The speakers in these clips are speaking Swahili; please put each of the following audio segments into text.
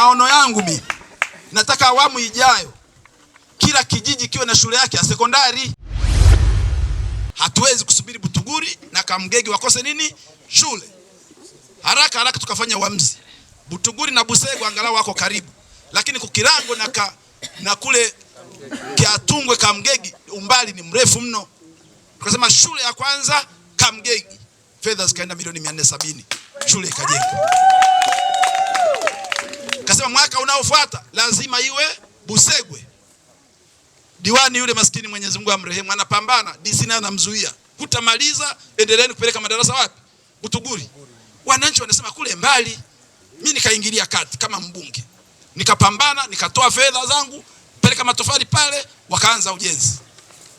Maono yangu mi nataka awamu ijayo kila kijiji kiwe na shule yake ya sekondari. Hatuwezi kusubiri Butuguri na Kamgegi wakose nini shule. Haraka haraka tukafanya uamuzi, Butuguri na Busegu angalau wako karibu, lakini Kukirango na, ka, na kule Kiatungwe Kamgegi umbali ni mrefu mno. Tukasema shule ya kwanza Kamgegi, fedha zikaenda milioni 470 shule ikajengwa. Akasema mwaka unaofuata lazima iwe Busegwe. Diwani yule maskini, Mwenyezi Mungu amrehemu, anapambana, DC naye anamzuia, hutamaliza, endeleeni kupeleka madarasa wapi? Butuguri. Wananchi wanasema kule mbali. Mimi nikaingilia kati kama mbunge, nikapambana, nikatoa fedha zangu, peleka matofali pale, wakaanza ujenzi.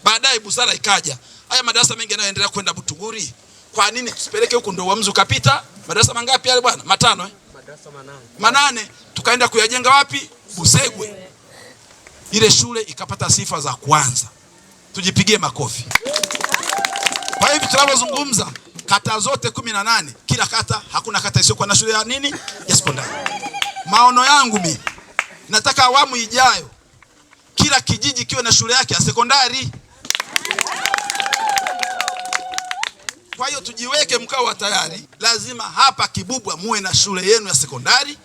Baadaye busara ikaja, haya madarasa mengi yanayoendelea kwenda Butuguri, kwa nini tusipeleke huko? Ndio uamuzi ukapita. Madarasa mangapi yale bwana? Matano eh? manane tukaenda kuyajenga wapi? Busegwe. Ile shule ikapata sifa za kwanza, tujipigie makofi. Kwa hivi tunavyozungumza, kata zote kumi na nane, kila kata, hakuna kata isiyokuwa na shule ya nini ya sekondari. Maono yangu mimi nataka awamu ijayo kila kijiji kiwe na shule yake ya sekondari. Kwa hiyo tujiweke mkao tayari, lazima hapa Kibubwa muwe na shule yenu ya sekondari,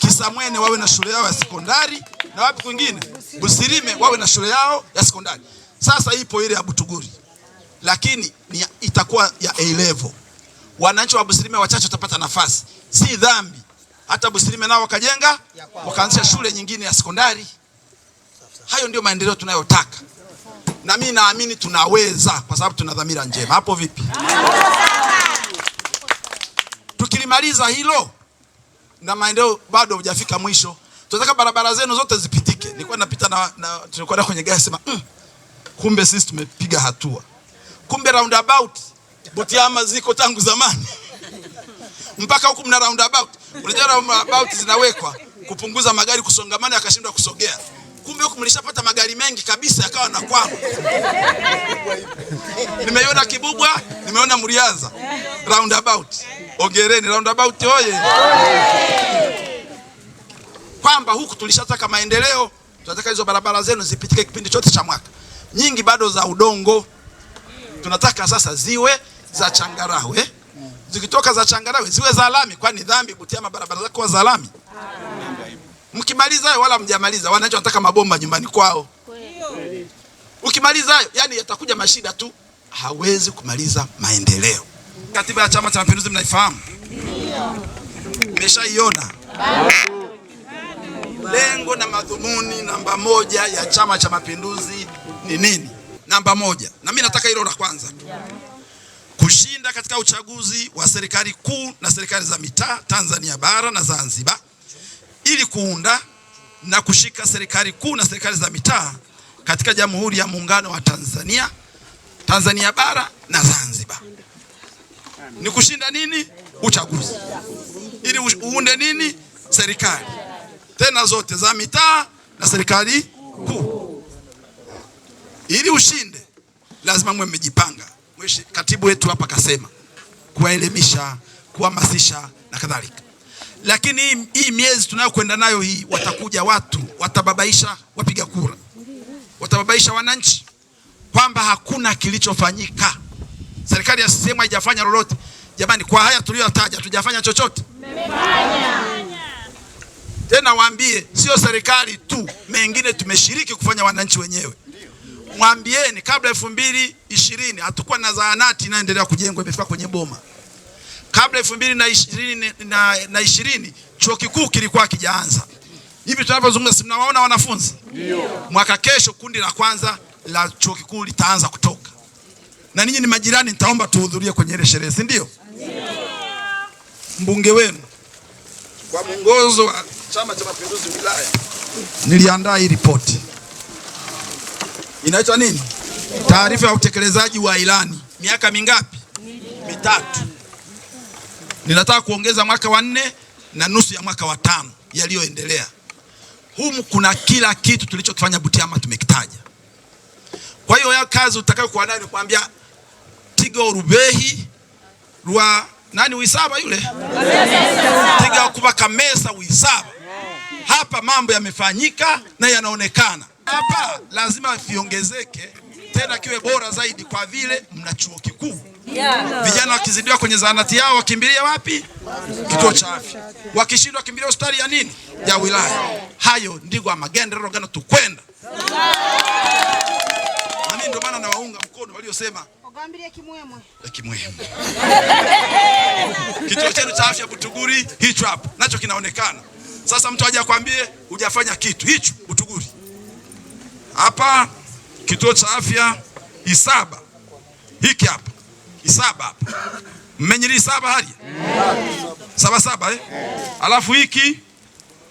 Kisamwene wawe na shule yao ya sekondari, na wapi kwingine Busirime wawe na shule yao ya sekondari. Sasa ipo ile ya Butuguri, lakini ni itakuwa ya A level. Wananchi wa Busirime wachache watapata nafasi, si dhambi hata Busirime nao wakajenga wakaanzisha shule nyingine ya sekondari. Hayo ndio maendeleo tunayotaka na mimi naamini tunaweza, kwa sababu tuna dhamira njema. Hapo vipi? Tukilimaliza hilo na maendeleo bado hujafika mwisho, tunataka barabara zenu zote zipitike. Nilikuwa napita na, na tulikuwa kwenye gari sema mm, kumbe sisi tumepiga hatua, kumbe roundabout Butiama ziko tangu zamani mpaka huku mna roundabout. Unajua roundabout zinawekwa kupunguza magari kusongamana, akashindwa kusogea kumbe huku mlishapata magari mengi kabisa yakawa na kwao. Nimeona Kibubwa, nimeona Mlianza roundabout. Ongereni roundabout oye! Kwamba huku tulishataka maendeleo, tunataka hizo barabara zenu zipitike kipindi chote cha mwaka, nyingi bado za udongo, tunataka sasa ziwe za changarawe, zikitoka za changarawe ziwe za lami. Kwani dhambi Butiama barabara zako za lami? Mkimaliza hayo wala mjamaliza, wananchi wanataka mabomba nyumbani kwao. Ukimaliza hayo, yani yatakuja mashida tu, hawezi kumaliza maendeleo. Katiba ya Chama cha Mapinduzi mnaifahamu, mmeshaiona. Lengo na madhumuni namba moja ya Chama cha Mapinduzi ni nini? Namba moja, na mimi nataka hilo la kwanza tu, kushinda katika uchaguzi wa serikali kuu na serikali za mitaa Tanzania bara na Zanzibar ili kuunda na kushika serikali kuu na serikali za mitaa katika Jamhuri ya Muungano wa Tanzania, Tanzania bara na Zanzibar. Ni kushinda nini? Uchaguzi. Ili uunde nini? Serikali tena zote za mitaa na serikali kuu. Ili ushinde, lazima mwe mmejipanga. Katibu wetu hapa kasema kuwaelimisha, kuhamasisha na kadhalika. Lakini hii, miezi tunayokwenda nayo hii, watakuja watu watababaisha wapiga kura, watababaisha wananchi kwamba hakuna kilichofanyika, serikali ya CCM haijafanya lolote. Jamani, kwa haya tuliyotaja tujafanya chochote. Tena waambie, sio serikali tu, mengine tumeshiriki kufanya wananchi wenyewe. Mwambieni kabla elfu mbili ishirini hatukuwa na zahanati inayoendelea kujengwa imefika kwenye boma kabla elfu mbili na ishirini, na, na ishirini chuo kikuu kilikuwa kijaanza. Hivi tunavyozungumza si mnawaona wanafunzi? Ndio. Mwaka kesho kundi la kwanza la chuo kikuu litaanza kutoka, na ninyi ni majirani, nitaomba tuhudhurie kwenye ile sherehe, si ndio? Mbunge wenu kwa mwongozo wa Chama cha Mapinduzi wilaya niliandaa hii ripoti inaitwa nini? Taarifa ya utekelezaji wa ilani miaka mingapi? Mitatu ninataka kuongeza mwaka wa nne na nusu ya mwaka wa tano yaliyoendelea. Humu kuna kila kitu tulichokifanya Butiama tumekitaja. Kwa hiyo ya kazi utakayokuwa nayo ni kuambia tiga rubehi rwa nani uisaba yule tiga kuba kamesa uisaba. Hapa mambo yamefanyika na yanaonekana hapa, lazima viongezeke tena kiwe bora zaidi, kwa vile mna chuo kikuu Vijana wakizidiwa kwenye zahanati yao wakimbilia wapi? Kituo cha afya. Wakishindwa wakimbilia hospitali ya nini? Ya wilaya. Hayo ndigo amagenderero gano tukwenda. Nami ndio maana nawaunga mkono waliosema kituo chenu cha afya Butuguri hicho hapo nacho kinaonekana sasa. Mtu aje akwambie hujafanya kitu hicho Butuguri hapa, kituo cha afya Isaba hiki hapa isaba hapo mmenyiri isaba hali saba saba eh? Alafu hiki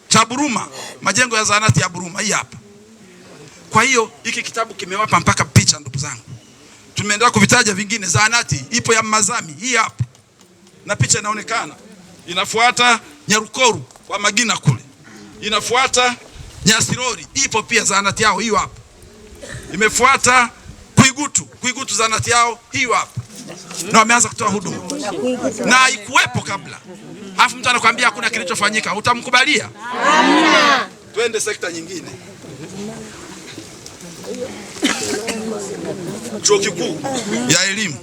cha Buruma, majengo ya zahanati ya Buruma hii hapa. Kwa hiyo hiki kitabu kimewapa mpaka picha, ndugu zangu. Tumeendelea kuvitaja vingine, zahanati ipo ya Mazami hii hapa na picha inaonekana. Inafuata Nyarukoru kwa Magina kule, inafuata Nyasirori ipo pia zahanati yao hiyo hapa, imefuata Kuigutu. Kuigutu zahanati yao hiyo hapa na wameanza kutoa huduma na haikuwepo kabla, alafu mtu anakuambia hakuna kilichofanyika, utamkubalia? Twende sekta nyingine. Chuo kikuu ya elimu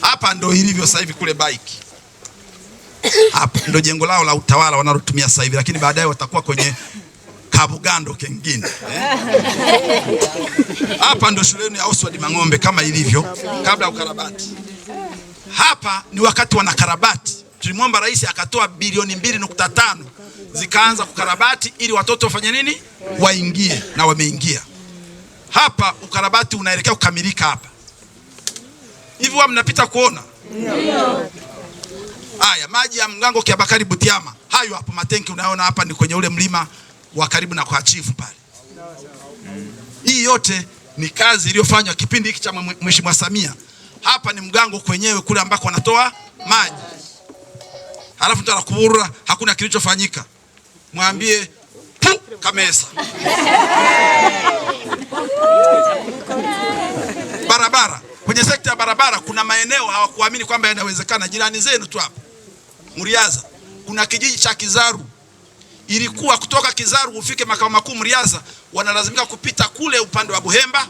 hapa ndo ilivyo sasa hivi. Kule Baiki hapa ndo jengo lao la utawala wanalotumia sasa hivi, lakini baadaye watakuwa kwenye Habugando kengine eh? hapa eh? Ndo shuleni ya Oswald Mang'ombe kama ilivyo kabla ya ukarabati. Hapa ni wakati wanakarabati, tulimwomba rais akatoa bilioni mbili nukta tano zikaanza kukarabati ili watoto wafanye nini, waingie na wameingia. Hapa ukarabati unaelekea kukamilika hapa hivi, wa mnapita kuona haya maji ya mlango Kiabakari Butiama, hayo hapo matenki unaona hapa ni kwenye ule mlima wa karibu na kwa chifu pale. Hii yote ni kazi iliyofanywa kipindi hiki cha Mheshimiwa Samia. Hapa ni mgango kwenyewe kule ambako wanatoa maji, halafu mtu hakuna kilichofanyika. Mwambie pu kamesa barabara. Kwenye sekta ya barabara kuna maeneo hawakuamini kwamba yanawezekana. Jirani zenu tu hapo Muriaza kuna kijiji cha Kizaru ilikuwa kutoka Kizaru ufike makao makuu Mriaza, wanalazimika kupita kule upande wa Buhemba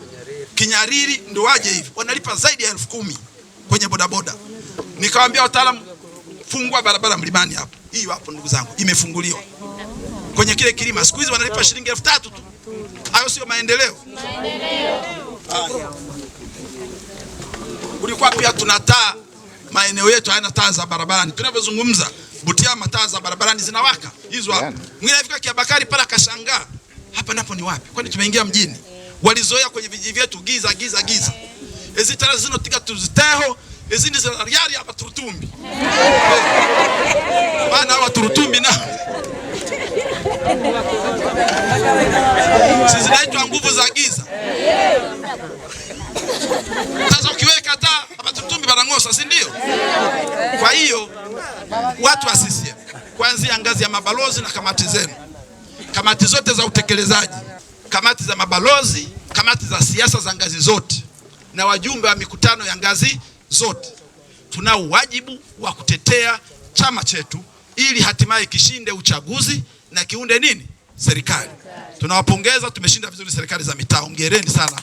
Kinyariri ndo waje hivi, wanalipa zaidi ya elfu kumi kwenye bodaboda. Nikawaambia wataalamu, fungua barabara mlimani hapo. hiyo hapo ndugu zangu, imefunguliwa kwenye kile kilima, siku hizi wanalipa shilingi elfu tatu tu. Hayo sio maendeleo? Kulikuwa pia tunataa maeneo yetu hayana taa za barabarani tunavyozungumza. Butiama taa za barabarani zinawaka hizo hapo. Yaani. Mwingine alifika Kiabakari pala kashangaa, hapa napo ni wapi? Kwani tumeingia mjini? Walizoea kwenye vijiji vyetu giza giza giza. Hizi zino tika tuziteho, hizi ni za riari hapa turutumbi. Bana hawa turutumbi na Sisi naitwa nguvu za giza. Sasa ukiweka taa hapa turutumbi barangosa, si ndio? Kwa hiyo watu wa kuanzia ngazi ya mabalozi na kamati zenu, kamati zote za utekelezaji, kamati za mabalozi, kamati za siasa za ngazi zote na wajumbe wa mikutano ya ngazi zote, tunao wajibu wa kutetea chama chetu ili hatimaye kishinde uchaguzi na kiunde nini serikali. Tunawapongeza, tumeshinda vizuri serikali za mitaa. ongereni sana.